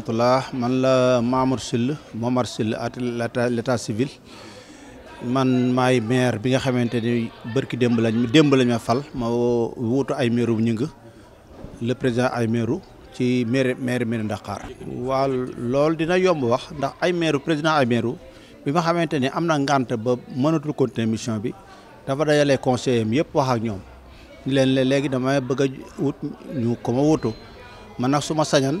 rahmatullah man la Mamour Syll Momar Syll at l'état civil man maay maire bi nga xamante ni bërki démb lañ démb lañ ma fal ma wuutu ay maire ñu ngi le président ay maire ci maire maire maire Dakar. waaw loolu dina yomb wax ndax ay maire président ay maire bi nga xamante ni am na ngànt ba mënatul continuer mission bi dafa dajalee conseillers am yëpp wax ak ñoom ñu leen léegi dama bëgg wut ñu ko ma wuutu man nag su sañan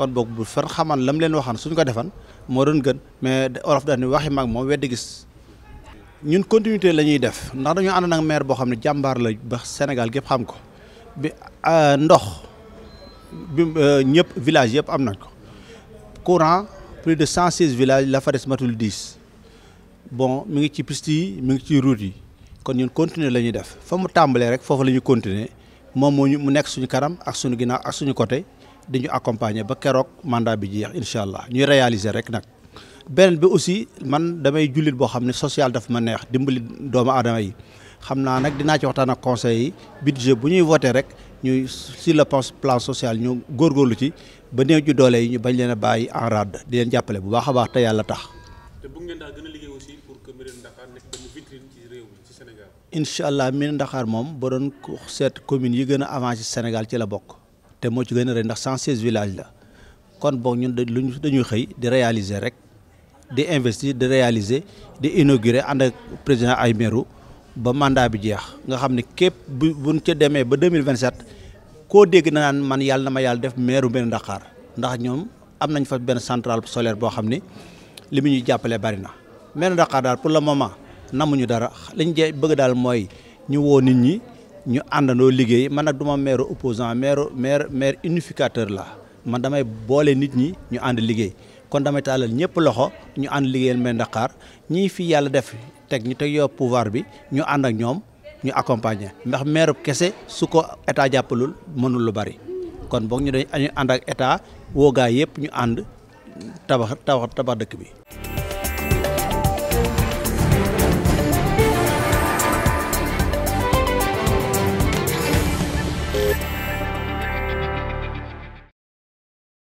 kon boog bu fer xaman lam leen waxan suñ ko defan moo doon gën mais olof daal ni waxi mag moom wedd gis ñun continuité la ñuy def ndax dañu ànd nag maire boo xam ne la ba Sénégal gépp xam ko bi euh, ndox bi euh, ñëpp village yëpp am nañ ko courant plus de 116 villages la fa matul 10 bon mi ngi ci piste yi mi ngi ci route yi kon ñun continuer la ñuy def fa mu tàmbalee rek foofu la continuer moom moo ñu nekk suñu kanam ak suñu ginnaaw ak suñu côté di ñu accompagner ba keroog mandat bi jeex incha allah ñuy réaliser rek nag beneen bi aussi man damay jullit boo sosial social daf ma neex dimbali doomu aadama yi xam naa nag ci waxtaan conseil budget bu ñuy voté rek ñuy sur le plan social ñu góorgóorlu ci ba néew ju doole yi ñu bañ leen a en di leen bu baax baax te yàlla tax. te bu ngeen daa gën liggéey aussi pour que vitrine ci réew mi ci Sénégal. allah Mérina Dakhar moom ba doon set commune yi gën a Sénégal ci la bokk. te moo ci gën a rëy ndax 116 villages la kon boog ñun dañuy dañuy xëy di réaliser rek di investir di réaliser di inaugurer ànd ak président ay meru ba mandat bi jeex nga xam ne képp bu buñ ca demee ba 2027 koo dégg na naan man yàlla na ma yàlla def meeru Mérina Dakhar ndax ñoom am nañ fa benn centrale solaire boo xam ne li mu ñuy jàppale bari na Mérina Dakhar daal pour le moment namuñu dara lañ jee bëgg daal mooy ñu woo nit ñi ñu àndandoo liggéey man nag du ma maire opposant maire maire maire unificateur la man damay boole nit ñi ñu ànd liggéey kon damay tàllal ñëpp loxo ñu ànd liggéeyal Mel ndaxaar ñii fii yàlla def teg ñu teg yow pouvoir bi ñu ànd ak ñoom ñu accompagner ndax maire kese su ko état jàppalul mënul lu bari kon boog ñu dañu ànd ak état woo gaa yëpp ñu ànd tabax tabax tabax dëkk bi.